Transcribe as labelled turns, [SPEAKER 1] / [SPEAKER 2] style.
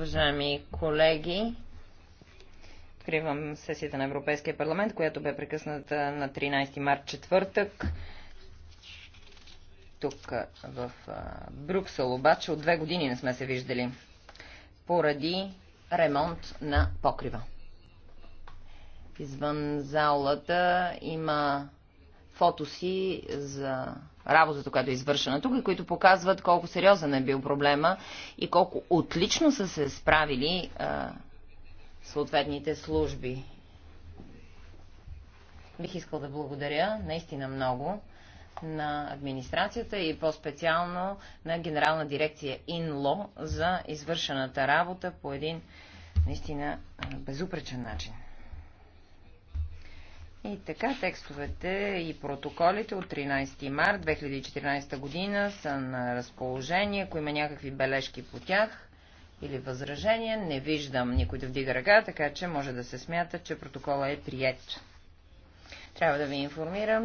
[SPEAKER 1] Уважаеми колеги, откривам сесията на Европейския парламент, която бе прекъсната на 13 март четвъртък. Тук в Брюксел обаче от две години не сме се виждали поради ремонт на покрива. Извън залата има фото си за работата, която е извършена тук и които показват колко сериозен е бил проблема и колко отлично са се справили а, съответните служби. Бих искал да благодаря наистина много на администрацията и по-специално на генерална дирекция ИНЛО за извършената работа по един наистина безупречен начин. И така, текстовете и протоколите от 13 март 2014 година са на разположение. Ако има някакви бележки по тях или възражения, не виждам никой да вдига ръка, така че може да се смята, че протокола е прият. Трябва да ви информирам,